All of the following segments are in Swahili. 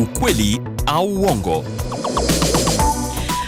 ukweli au uongo.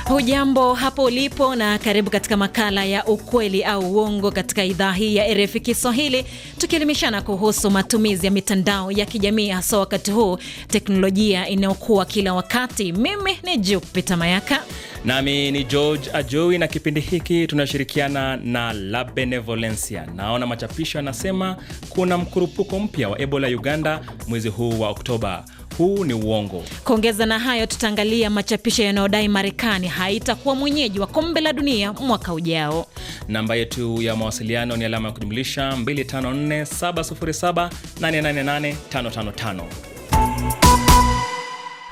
Hujambo hapo ulipo na karibu katika makala ya ukweli au uongo katika idhaa hii ya RFI Kiswahili, tukielimishana kuhusu matumizi ya mitandao ya kijamii, hasa wakati huu teknolojia inayokuwa kila wakati. Mimi ni Jupita Mayaka nami ni George Ajoi, na kipindi hiki tunashirikiana na La Benevolencia. Naona machapisho yanasema kuna mkurupuko mpya wa Ebola Uganda mwezi huu wa Oktoba huu ni uongo. Kuongeza na hayo, tutaangalia machapisho yanayodai Marekani haitakuwa mwenyeji wa kombe la dunia mwaka ujao. Namba yetu ya mawasiliano ni alama ya kujumlisha 254707888555.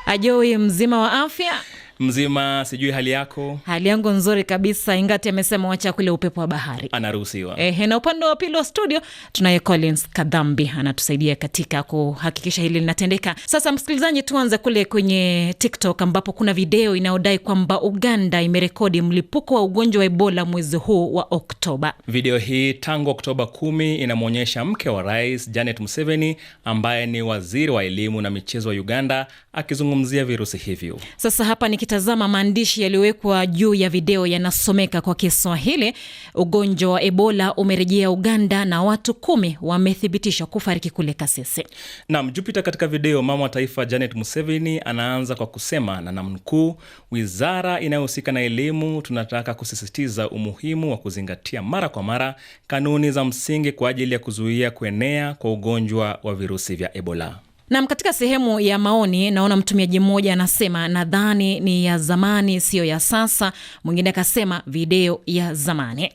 Ajoi mzima wa afya mzima, sijui hali yako? Hali yangu nzuri kabisa, ingati amesema wacha kule upepo wa bahari anaruhusiwa. Ehe, na upande wa pili wa studio tunaye Collins Kadhambi anatusaidia katika kuhakikisha hili linatendeka. Sasa msikilizaji, tuanze kule kwenye TikTok ambapo kuna video inayodai kwamba Uganda imerekodi mlipuko wa ugonjwa wa Ebola mwezi huu wa Oktoba. Video hii tangu Oktoba kumi inamwonyesha mke wa rais Janet Museveni ambaye ni waziri wa elimu na michezo wa Uganda akizungumzia virusi hivyo. Sasa hapa ni Ukitazama maandishi yaliyowekwa juu ya video yanasomeka kwa Kiswahili: ugonjwa wa Ebola umerejea Uganda na watu kumi wamethibitishwa kufariki kule Kasese. Naam, Jupiter, katika video mama wa taifa Janet Museveni anaanza kwa kusema na namnukuu, wizara inayohusika na elimu, tunataka kusisitiza umuhimu wa kuzingatia mara kwa mara kanuni za msingi kwa ajili ya kuzuia kuenea kwa ugonjwa wa virusi vya Ebola. Nam, katika sehemu ya maoni naona mtumiaji mmoja anasema nadhani ni ya zamani, siyo ya sasa. Mwingine akasema video ya zamani.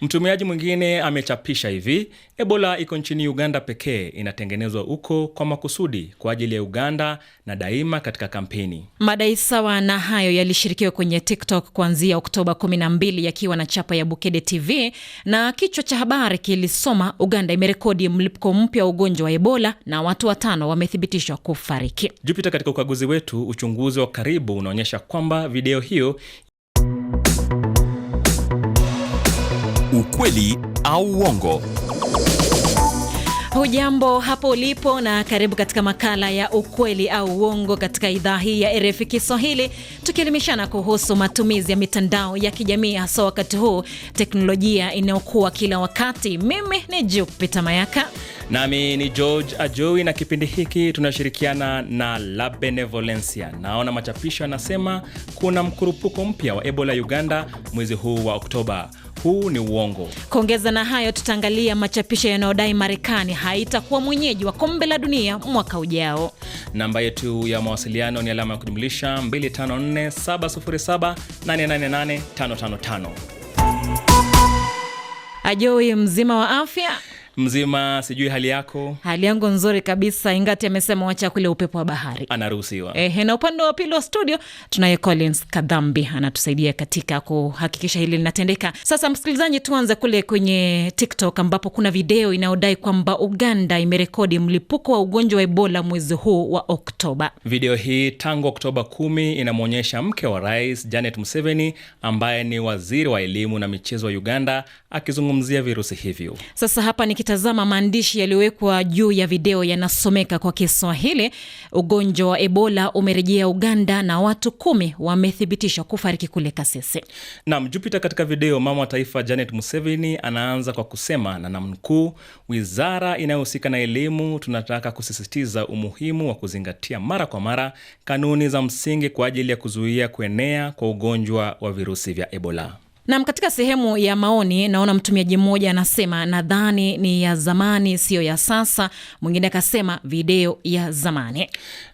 Mtumiaji mwingine amechapisha hivi: Ebola iko nchini Uganda pekee, inatengenezwa huko kwa makusudi kwa ajili ya Uganda na daima katika kampeni. Madai sawa na hayo yalishirikiwa kwenye TikTok kuanzia Oktoba 12 yakiwa na chapa ya Bukede TV na kichwa cha habari kilisoma Uganda imerekodi mlipuko mpya wa ugonjwa wa Ebola na watu watano wame kuthibitishwa kufariki. Jupita, katika ukaguzi wetu, uchunguzi wa karibu unaonyesha kwamba video hiyo ukweli au uongo. Hujambo hapo ulipo na karibu katika makala ya ukweli au uongo katika idhaa hii ya RFI Kiswahili, tukielimishana kuhusu matumizi ya mitandao ya kijamii, hasa wakati huu teknolojia inayokuwa kila wakati. Mimi ni Jupita Mayaka Nami ni George Ajoi na kipindi hiki tunashirikiana na La Benevolencia. Naona machapisho yanasema kuna mkurupuko mpya wa Ebola Uganda mwezi huu wa Oktoba. Huu ni uongo. Kuongeza na hayo, tutaangalia machapisho yanayodai Marekani haitakuwa mwenyeji wa kombe la dunia mwaka ujao. Namba yetu ya mawasiliano ni alama ya kujumlisha 254707888555. Ajoi, mzima wa afya? mzima, sijui hali yako? Hali yangu nzuri kabisa, ingati amesema wacha kule upepo wa bahari anaruhusiwa. Ehe, na upande wa pili wa studio tunaye Collins Kadhambi anatusaidia katika kuhakikisha hili linatendeka. Sasa msikilizaji, tuanze kule kwenye TikTok ambapo kuna video inayodai kwamba Uganda imerekodi mlipuko wa ugonjwa wa Ebola mwezi huu wa Oktoba. Video hii tangu Oktoba kumi inamwonyesha mke wa rais Janet Museveni ambaye ni waziri wa elimu na michezo wa Uganda akizungumzia virusi hivyo. Sasa hapa ni tukitazama maandishi yaliyowekwa juu ya video yanasomeka kwa Kiswahili: ugonjwa wa Ebola umerejea Uganda na watu kumi wamethibitishwa kufariki kule Kasese. Naam, Jupiter, katika video mama wa taifa Janet Museveni anaanza kwa kusema na namkuu, wizara inayohusika na elimu, tunataka kusisitiza umuhimu wa kuzingatia mara kwa mara kanuni za msingi kwa ajili ya kuzuia kuenea kwa ugonjwa wa virusi vya Ebola. Nam, katika sehemu ya maoni naona mtumiaji mmoja anasema nadhani ni ya zamani, siyo ya sasa. Mwingine akasema video ya zamani.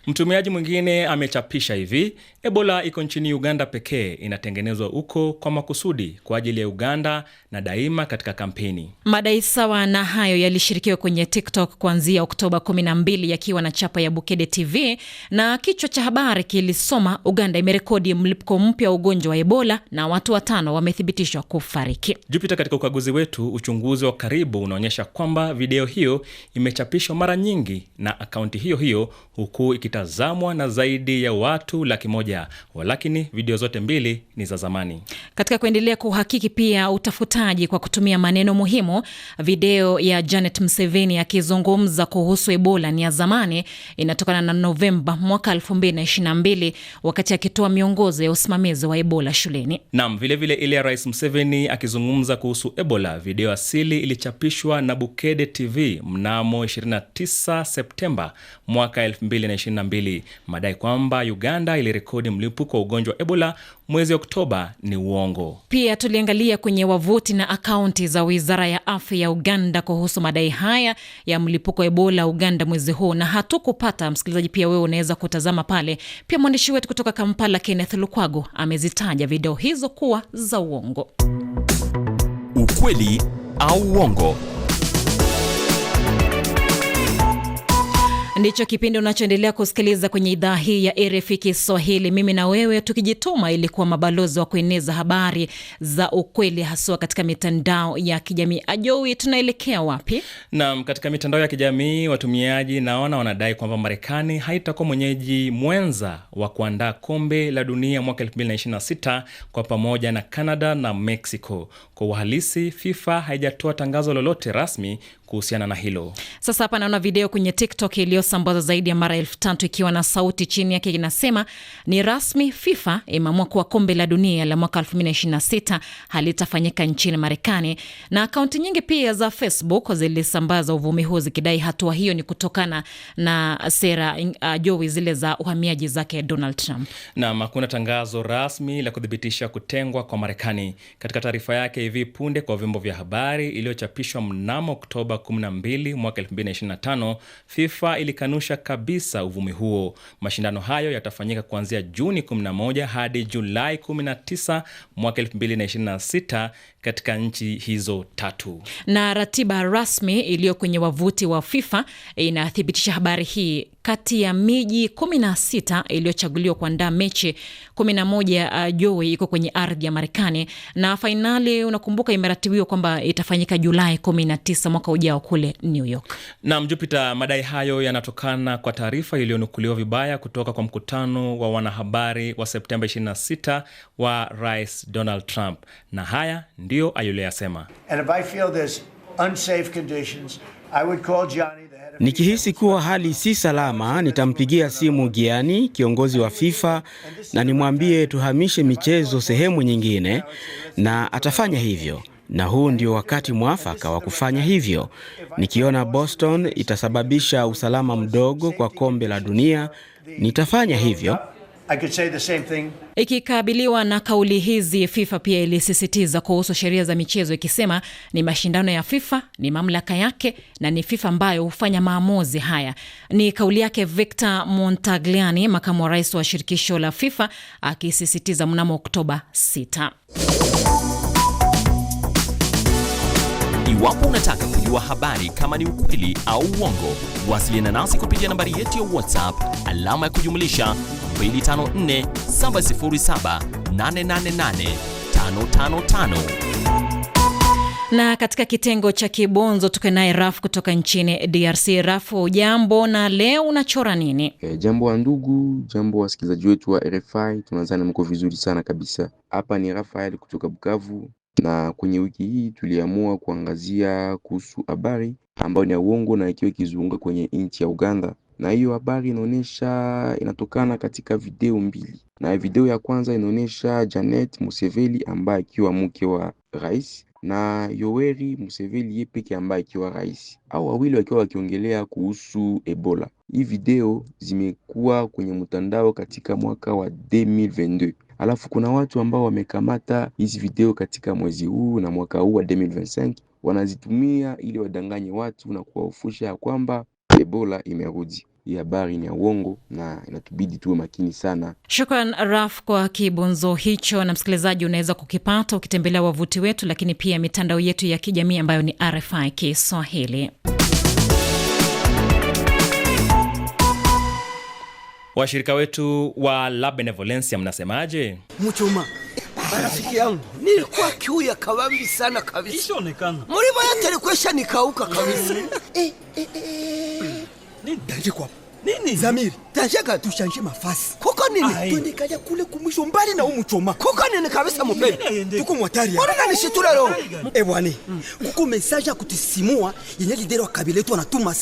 Mtumiaji mwingine amechapisha hivi: Ebola iko nchini Uganda pekee, inatengenezwa huko kwa makusudi kwa ajili ya Uganda na daima katika kampeni. Madai sawa na hayo yalishirikiwa kwenye TikTok kuanzia Oktoba 12 yakiwa na chapa ya Bukede TV na kichwa cha habari kilisoma Uganda imerekodi mlipuko mpya wa ugonjwa wa Ebola na watu watano wamethibitishwa kufariki. Jupita, katika ukaguzi wetu, uchunguzi wa karibu unaonyesha kwamba video hiyo imechapishwa mara nyingi na akaunti hiyo hiyo huku ilitazamwa na zaidi ya watu laki moja, walakini video zote mbili ni za zamani. Katika kuendelea kuhakiki pia utafutaji kwa kutumia maneno muhimu, video ya Janet Museveni akizungumza kuhusu Ebola ni ya zamani, inatokana na Novemba mwaka 2022 wakati akitoa miongozo ya usimamizi wa Ebola shuleni. Naam, vilevile ile ya Rais Museveni akizungumza kuhusu Ebola, video asili ilichapishwa na Bukede TV mnamo 29 Septemba mwaka 2022. Madai kwamba Uganda ilirekodi mlipuko wa ugonjwa wa Ebola mwezi Oktoba ni uongo. Pia tuliangalia kwenye wavuti na akaunti za wizara ya afya ya Uganda kuhusu madai haya ya mlipuko wa Ebola Uganda mwezi huu na hatukupata. Msikilizaji, pia wewe unaweza kutazama pale. Pia mwandishi wetu kutoka Kampala Kenneth Lukwago amezitaja video hizo kuwa za uongo. Ukweli au uongo. Ndicho kipindi unachoendelea kusikiliza kwenye idhaa hii ya RFI Kiswahili, mimi na wewe tukijituma ili kuwa mabalozi wa kueneza habari za ukweli, haswa katika mitandao ya kijamii. ajoi tunaelekea wapi? Naam, katika mitandao ya kijamii watumiaji naona wanadai kwamba Marekani haitakuwa mwenyeji mwenza wa kuandaa kombe la dunia mwaka 2026 kwa pamoja na Canada na Mexico. Kwa uhalisi, FIFA haijatoa tangazo lolote rasmi kuhusiana na hilo. Sasa hapa naona video kwenye TikTok iliyo iliyosambazwa zaidi ya mara elfu tatu ikiwa na sauti chini yake inasema ni rasmi, FIFA imeamua kuwa kombe la dunia la mwaka 2026 halitafanyika nchini Marekani. Na akaunti nyingi pia za Facebook zilisambaza uvumi huu zikidai hatua hiyo ni kutokana na sera uh, jowi zile za uhamiaji zake Donald Trump. Naam, hakuna tangazo rasmi la kuthibitisha kutengwa kwa Marekani. Katika taarifa yake hivi punde kwa vyombo vya habari iliyochapishwa mnamo Oktoba 12 mwaka 2025 FIFA ili imekanusha kabisa uvumi huo. Mashindano hayo yatafanyika kuanzia Juni 11 hadi Julai 19 mwaka 2026 katika nchi hizo tatu. Na ratiba rasmi iliyo kwenye wavuti wa FIFA inathibitisha habari hii. Kati ya miji 16 iliyochaguliwa kuandaa mechi 11 uh, Joe iko kwenye ardhi ya Marekani na fainali, unakumbuka, imeratibiwa kwamba itafanyika Julai 19 mwaka ujao kule New York. Naam Jupiter, madai hayo yana yanatokana kwa taarifa iliyonukuliwa vibaya kutoka kwa mkutano wa wanahabari wa Septemba 26 wa Rais Donald Trump, na haya ndiyo aliyoyasema: Nikihisi kuwa hali si salama, nitampigia simu giani kiongozi wa FIFA, na nimwambie tuhamishe michezo sehemu nyingine, na atafanya hivyo na huu ndio wakati mwafaka wa kufanya hivyo. Nikiona Boston itasababisha usalama mdogo kwa kombe la dunia, nitafanya hivyo. Ikikabiliwa na kauli hizi, FIFA pia ilisisitiza kuhusu sheria za michezo ikisema ni mashindano ya FIFA, ni mamlaka yake na ni FIFA ambayo hufanya maamuzi haya. Ni kauli yake Victor Montagliani, makamu wa rais wa shirikisho la FIFA, akisisitiza mnamo Oktoba 6. Iwapo unataka kujua habari kama ni ukweli au uongo, wasiliana nasi kupitia nambari yetu ya WhatsApp alama ya kujumlisha 254 na katika kitengo cha kibonzo tuko naye Rafu kutoka nchini DRC. Rafu, jambo, na leo unachora nini? E, jambo wa ndugu, jambo wasikilizaji wetu wa RFI, tunazani mko vizuri sana kabisa. Hapa ni Rafael kutoka Bukavu na kwenye wiki hii tuliamua kuangazia kuhusu habari ambayo ni ya uongo na ikiwa ikizunguka kwenye nchi ya Uganda, na hiyo habari inaonyesha inatokana katika video mbili, na video ya kwanza inaonyesha Janet Museveni ambaye akiwa mke wa rais na Yoweri Museveni yeye peke ambaye akiwa rais, au wawili wakiwa wakiongelea kuhusu Ebola. Hii video zimekuwa kwenye mtandao katika mwaka wa 2022 Alafu kuna watu ambao wamekamata hizi video katika mwezi huu na mwaka huu wa 2025 wanazitumia ili wadanganye watu na kuwaofusha ya kwamba Ebola imerudi. Hii habari ni ya uongo na inatubidi tuwe makini sana. Shukran Raf kwa kibonzo hicho, na msikilizaji, unaweza kukipata ukitembelea wavuti wetu, lakini pia mitandao yetu ya kijamii ambayo ni RFI Kiswahili. Washirika wetu wa La Benevolencia mnasemaje? Mchuma rafiki yangu, nilikuwa kiu ya kawambi sana kabisa, ishonekana mlimo yote likuesha nikauka kabisa. Eh, eh, eh, eh. Nini kwa nini? Zamiri, tajaka tushanje mafasi. kuko nini? tunikaja kule kumwisho mbali na umuchoma kuko nini kabisa mupeli Tuko mwatari. Mbona nani shitura leo? ebwani Kuko message kutisimua yenye lidero kabila yetu anatuma